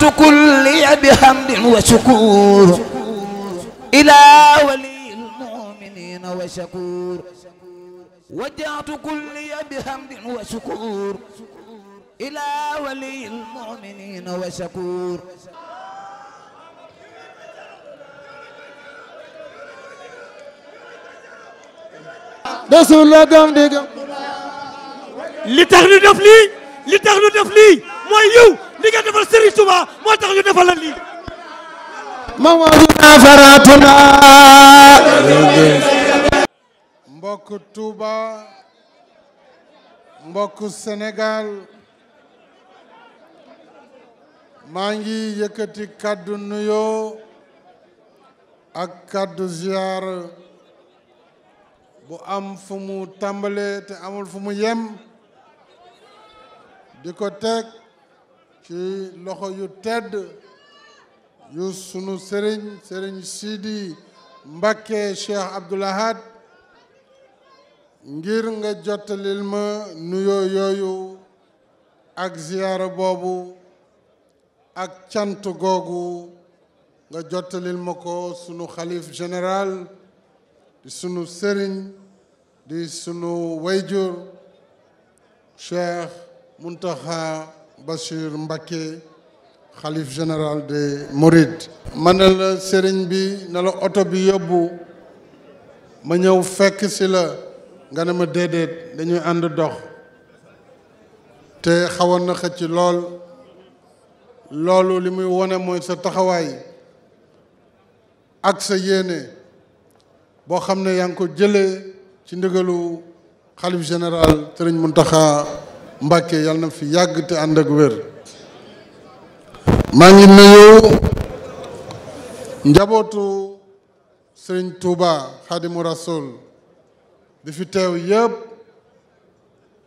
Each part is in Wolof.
تحيات كل بحمد وشكور إلى ولي المؤمنين وشكور وجعت كل بحمد وشكور إلى ولي المؤمنين وشكور رسول الله قام dégg li دفلي ñu دفلي مويو li nga defal Serigne Touba moo tax ñu defal la lii mawlana faratuna mbokk Touba mbokk Sénégal maa ngi yëkkati kàddu nuyoo ak kàddu ziar bu am fumu mu tàmbale te amul fu mu yem di ko teg ci loxo yu tedd yu sunu sëriñ sëriñ Sidi Mbakke Cheikh Abdoul Ahad ngir nga jottalil ma nuyoo yooyu ak ziyaara boobu ak cant googu nga jottalil ma ko sunu xalif général di sunu sëriñ di sunu wayjur Cheikh Muntaxa Bachir Mbacké xalif général des Mourides. ma la sëriñ bi ne la oto bi yóbbu ma ñëw fekk si la nga ne ma déedéet dañuy ànd dox te xawoon na xëcc lool loolu li muy wone mooy sa taxawaay ak sa yéene boo xam ne yaa ngi ko jële ci ndigalu xalif général sëriñ Mountakha Mbàkke yàlla na fi yàgg te ànd ak wér maa ngi nuyu njabootu Sëriñ Tuuba Xaadimu Rasuul di fi teew yëpp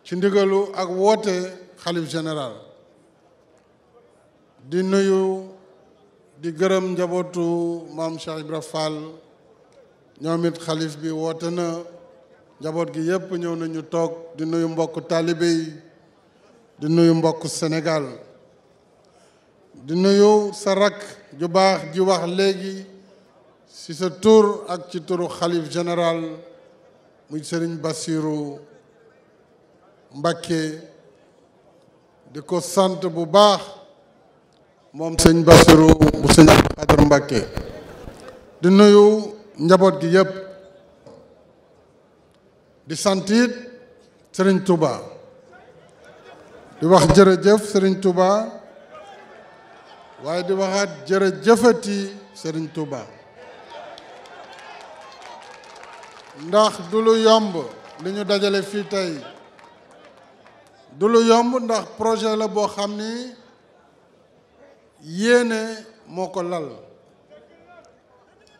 ci ndigalu ak woote xalif général di nuyu di gërëm njabootu maam Cheikh Ibra Fall ñoom it xalif bi woote na njaboot gi yëpp ñëw nañu toog di nuyu mbokku taalibe yi di nuyu mbokk Sénégal di nuyu sa rakk ju baax ji wax léegi ci sa tour ak ci turu xalif général muy Serigne Bassirou Mbacké di ko sant bu baax moom sëñ Bassirou bu di gi di Touba di wax jërëjëf sëriñ Touba waaye di waxaat jërëjëfati sëriñ Touba ndax du lu yomb li ñu dajale fii tey du lu yomb ndax projet la boo xam ni yéene moo ko lal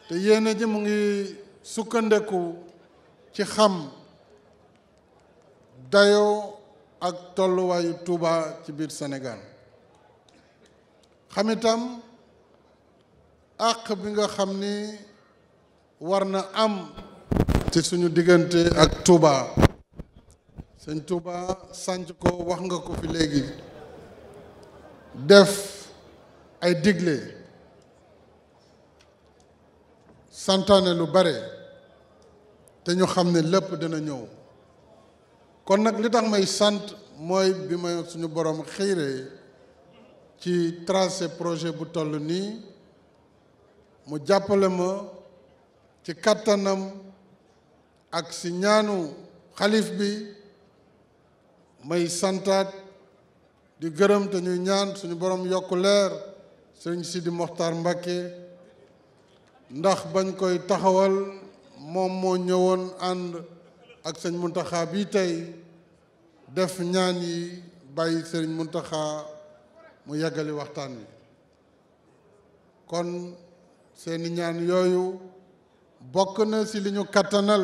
te yéene ji mu ngi sukkandeku ci xam dayoo ak tolluwaayu Touba ci biir Sénégal xam àq bi nga xam ni war na am ci suñu diggante ak tuuba sëñ Touba sànc ko wax nga ko fi léegi def ay digle santaane lu bare te ñu xam ne lépp dina ñëw kon nag li tax may sant mooy bi ma suñu borom xiiree ci tracé projet bu toll nii mu jàppale ma ci kàttanam ak si ñaanu bi may di gërëm te ñuy ñaan suñu borom yokku leer sëriñ Sidi Moxtaar Mbakke ndax bañ koy taxawal ak sëñ Muntaxa bii tey def ñaan yi bay sëriñ Muntaxa mu yeggali waxtaan wi kon seeni ñaan yoyu bokk na ci liñu katanal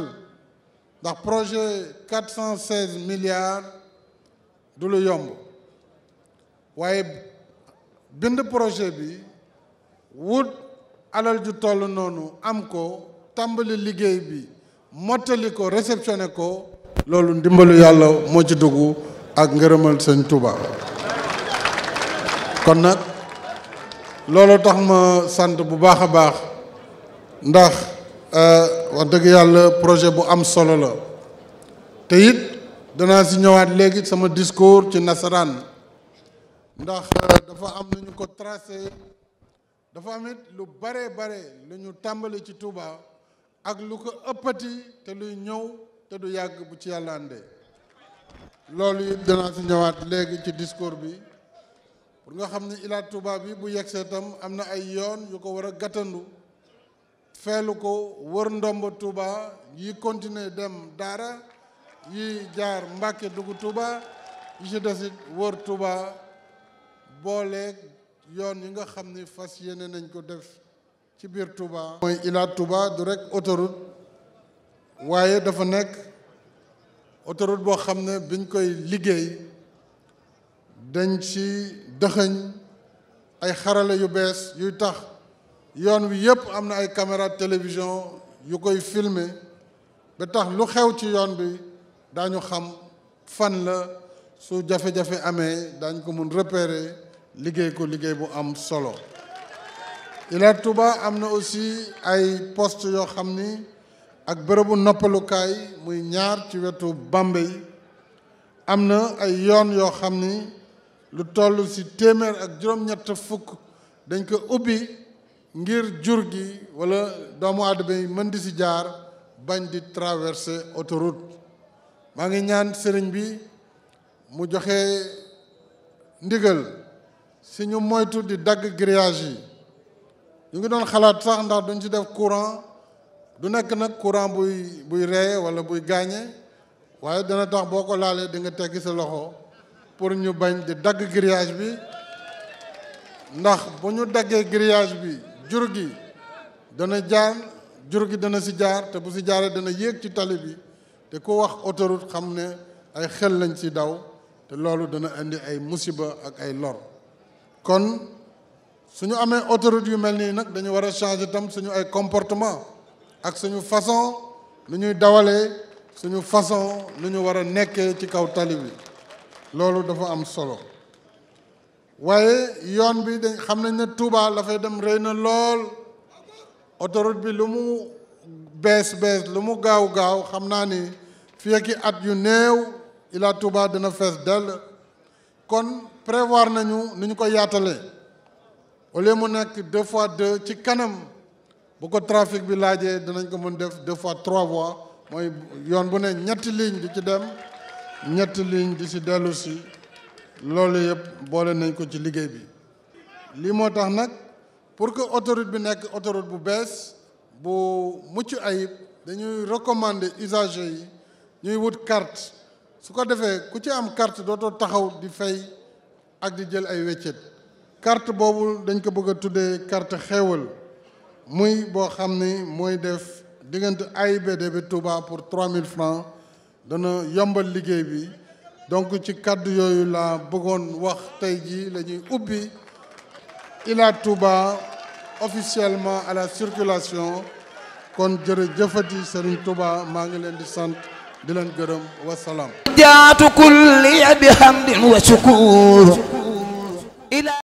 ndax projet 416 milliards du lu yomb waaye bind projet bi wut alal ju toll noonu am ko tàmbali liggéey bi mottali ko réceptionné ko loolu ndimbalu yàlla moo ci dugg ak ngërëmal sëñ Touba kon nag loolu tax ma sant bu baax a baax ndax euh, wax dëgg yàlla projet bu am solo la te it danaa si ñëwaat léegi sama discours ci nasaraan ndax euh, dafa am lu ko tracé dafa am lu bare bare lu ñu tàmbali ci Touba ak lu ko ëppati te luy ñëw te du yàgg bu ci yàlla àndee loolu it danaa si ñëwaat léegi ci discours bi pour nga xam ni ilaat Touba yi bu yegsee tam am na ay yoon yu ko war a gàttandu feelu ko wër ndomb Touba yi continuer dem daara yi jaar Mbàkke dugg tubaa yi ci desit wër Touba booleeg yoon yi nga xam ni fas yéene nañ ko def ci Tuba. Touba. mooy Ila Touba du rek autoroute Waye dafa nekk autoroute bo, xamne biñ koy liggéey dañ ci dexeñ ay xarala yu bes yu tax yoon wi yëpp am ay caméra télévision yu koy filmer ba tax lu xew ci yoon bi dañu xam fan la su jafe-jafe amee dañ ko mun repérer liggéey ko liggéey bu am solo Ila Touba am na aussi ay post yoo xam ni ak bërëbu noppalukaay muy ñaar ci wetu Bambey am na ay yoon yoo xam ni lu toll ci téeméer ak juróom-ñett fukk dañ ko ubbi ngir jur gi wala doomu aadama yi mën di ci jaar bañ di traverser autoroute maa ngi ñaan sëriñ bi mu joxe ndigal si ñu moytu di dagg grillage yi ñu ngi doon xalaat sax ndax duñ ci def courant du nekk nag courant buy buy reye wala buy gaañe waaye dana tax boo ko laalee di nga teggi sa loxo pour ñu bañ di dagg grillage bi ndax bu ñu daggee grillage bi jur gi dana jaar jur gi dana si jaar te bu si jaaree dana yéeg ci tali bi te ku wax autoroute xam ne ay xel lañ ci daw te loolu dana indi ay musiba ak ay lor kon suñu amee autorite yu mel nii nag dañu war a changer tam suñu ay comportement ak suñu façon nu ñuy dawalee suñu façon nu ñu war a nekkee ci kaw tali bi loolu dafa am solo waaye yoon bi dañ xam nañ ne Touba la fay dem rëy na lool autoroute bi lu mu bees bees lu mu gaaw gaaw xam naa ni fii ak at yu néew Ila Touba dana fees dell kon prévoir nañu nu ñu ko yaatalee au lieu mu deux fois deux ci kanam bu ko trafic bi laajee dinañ ko mën def deux fois trois voies moy yoon bu né ñett ligne di ci dem ñett ligne di si dellu si loolu yëpp boole nañ ko ci liggéey bi li motax nak pour que autoroute bi nekk autoroute bu bess bu muccu ayib dañuy recommander usagers yi ñuy wut carte su ko defee ku ci am carte doto taxaw di fay ak di jël ay weccet carte boobu dañ ko bëgg tuddé carte xéewal muy bo xam moy def diggante AIBD bi Touba pour 3000 francs dana yombal liggéey bi donc ci kàddu yoyu la bëggoon wax tey jii la ubbi Ila Touba officiellement à la circulation kon jërëjëfati Serigne Touba ma ngi leen di sante di leen gërëm wa salam jaatu kulli bihamdin hamdin wa shukur.